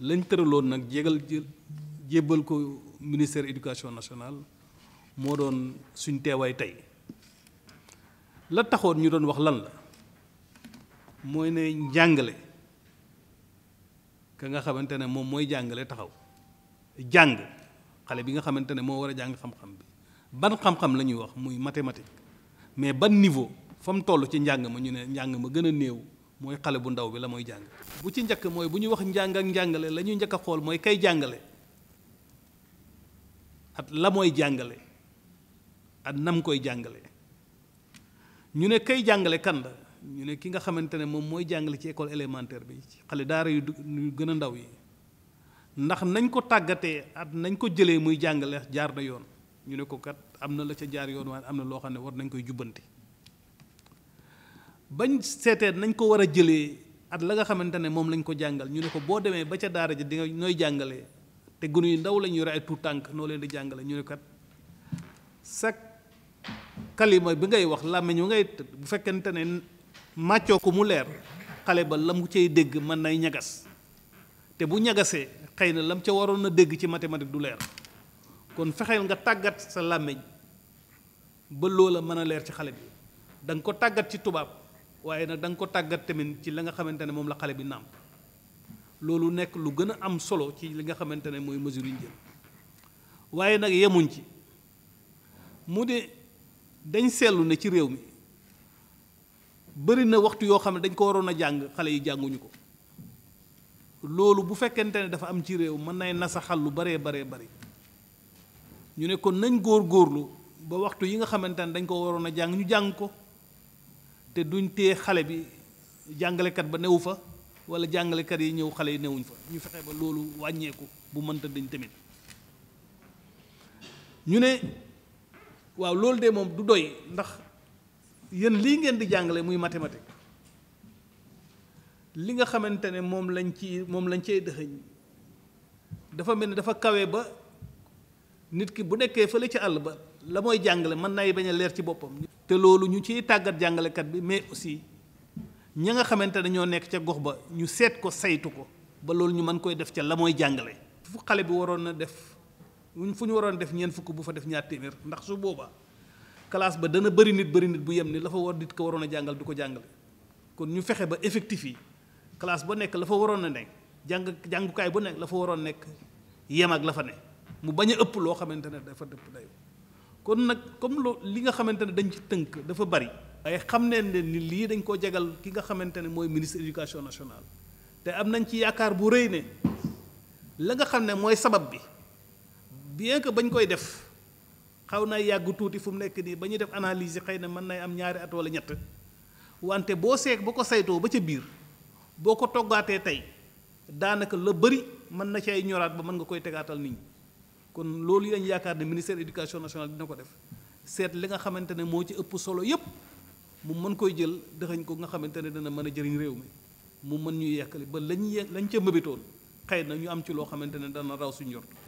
lañ tëraloon nag jégal jébbal ko ministère éducation national moo doon suñ teewaay tey la taxoon ñu doon wax lan la mooy ne njàngale ka nga xamante ne moom mooy jàngale taxaw jàng xale bi nga xamante ne moo war a jàng xam-xam bi ban xam-xam la ñuy wax muy mathématique mais ban niveau fa mu toll ci njàng ma ñu ne njàng ma gën a néew mooy xale bu ndaw bi la mooy jàng bu ci njëkk mooy bu ñu wax njàng ak njàngale la ñuy njëkk xool mooy kay jàngale at la mooy jàngale at nam koy jàngale ñu ne kay jàngale kand ñu ne ki nga xamante ne moom mooy jàngale ci école élémentaire bi ci xale daara yu gën a ndaw yi ndax nañ ko tàggatee at nañ ko jëlee muy jàngale jaar na yoon ñu ne ko kat am na la ca jaar yoon waaye am na loo xam ne war nañ koy jubbanti bañ seetee nañ ko war a jëlee at la nga xamante ne moom lañ ko jàngal ñu ne ko boo demee ba ca daara ji di nga nooy jàngalee te gunu yu ndaw lañ yore ay tuut tànk noo leen di jàngale ñu ne kat sak kalima bi ngay wax làmmiñ wu ngay bu fekkente ne màccoo ko mu leer xale ba la mu cay dégg mën nay ñagas te bu ñagasee xëy na lam ca waroon a dégg ci mathématique du leer kon fexeel nga tàggat sa làmmiñ ba loola mën a leer ci xale bi danga ko tàggat ci tubaab waaye nag danga ko tàggat tamit ci la nga xamante ne moom la xale bi nàmp loolu nekk lu gën a am solo ci li nga xamante ne mooy mesure yi waaye nag yemuñ ci mu de dañ seetlu ne ci réew mi bëri na waxtu yoo xam ne dañ ko waroon a jàng xale yi jànguñu ko loolu bu fekkente ne dafa am ci réew mën nay nasaxal lu baree baree bari ñu ne kon nañ góor góorlu ba waxtu yi nga xamante ne dañ ko waroon a jàng ñu jàng ko te duñ téye xale bi jàngalekat ba newu fa wala jàngalekat yi ñëw xale yi newuñ fa ñu fexe ba loolu wàññeeku bu mën mënta dañ tamit ñu ne waaw loolu de moom du doy ndax yéen lii ngeen di jàngale muy mathématique li nga xamante ne moom lañ ci moom lañ cee dëxëñ dafa mel ni dafa kawe ba nit ki bu nekkee fële ci àll ba la mooy jàngale mën nay bañ a leer ci boppam te loolu ñu ciy tàggat jàngalekat bi mais aussi ña nga xamante ne ñoo nekk ca gox ba ñu seet ko saytu ko ba loolu ñu mën koy def ca la mooy jàngale fu xale bi waroon na def fu ñu waroon def ñeen fukk bu fa def ñaar téeméer ndax su booba classe ba dana bari nit bari nit bu yem ni la fa war nit ko waroon a jàngal du ko jàngale kon ñu fexe ba effectif yi classe ba nekk la fa waroon a nekk jàng jàngukaay bu nekk la fa waroon nekk yem ak la fa ne mu bañ a ëpp loo xamante ne dafa dëpp dayoo kon nag comme loo li nga xamante ne dañ ci tënk dafa bari ay xam ne ni lii dañ koo jagal ki nga xamante ne mooy ministre éducation nationale te am nañ ci yaakaar bu rëy ne la nga xam ne mooy sabab bi bien que bañ koy def xaw naa yàgg tuuti fu mu nekk nii ba ñuy def analyse xëy na mën nay am ñaari at wala ñett wante boo seeg ba ko saytoo ba ca biir boo ko toggaatee tey daanaka la bëri mën na ci ay ñoraat ba mën nga koy tegaatal nit kon loolu lañ yaakaar ne ministère éducation nationale dina ko def seet li nga xamante ne moo ci ëpp solo yépp mu mën koy jël dëxañ ko nga xamante ne dana mën a jëriñ réew mi mu mën ñu yekkali ba lañ lañ ca mëbitoon xëy na ñu am ci loo xamante ne dana raw suñ yortu